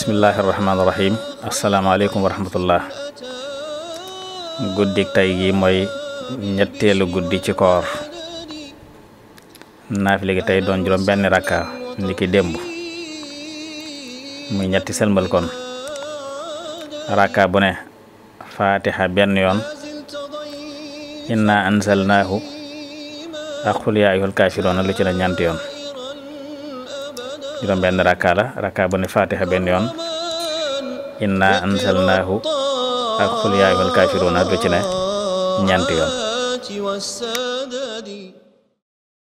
bismillaahi rahmaani rahiim asalaamaaleykum wa rahmatullah guddik tey gi mooy ñetteelu guddi ci koor naafile gi tey doon juróom benn rakka niki démb muy ñetti sëlmal kon rakka bu ne faatiha benn yoon inna ansalnaahu ak xul yaa ayyuhal kaafiruuna ci ne ñanti yoon juróom benn rakka la rakka bu ne fatiha benn yoon inna ansalnaahu ak xul yaa kaafiruuna du ci ne ñeenti yoon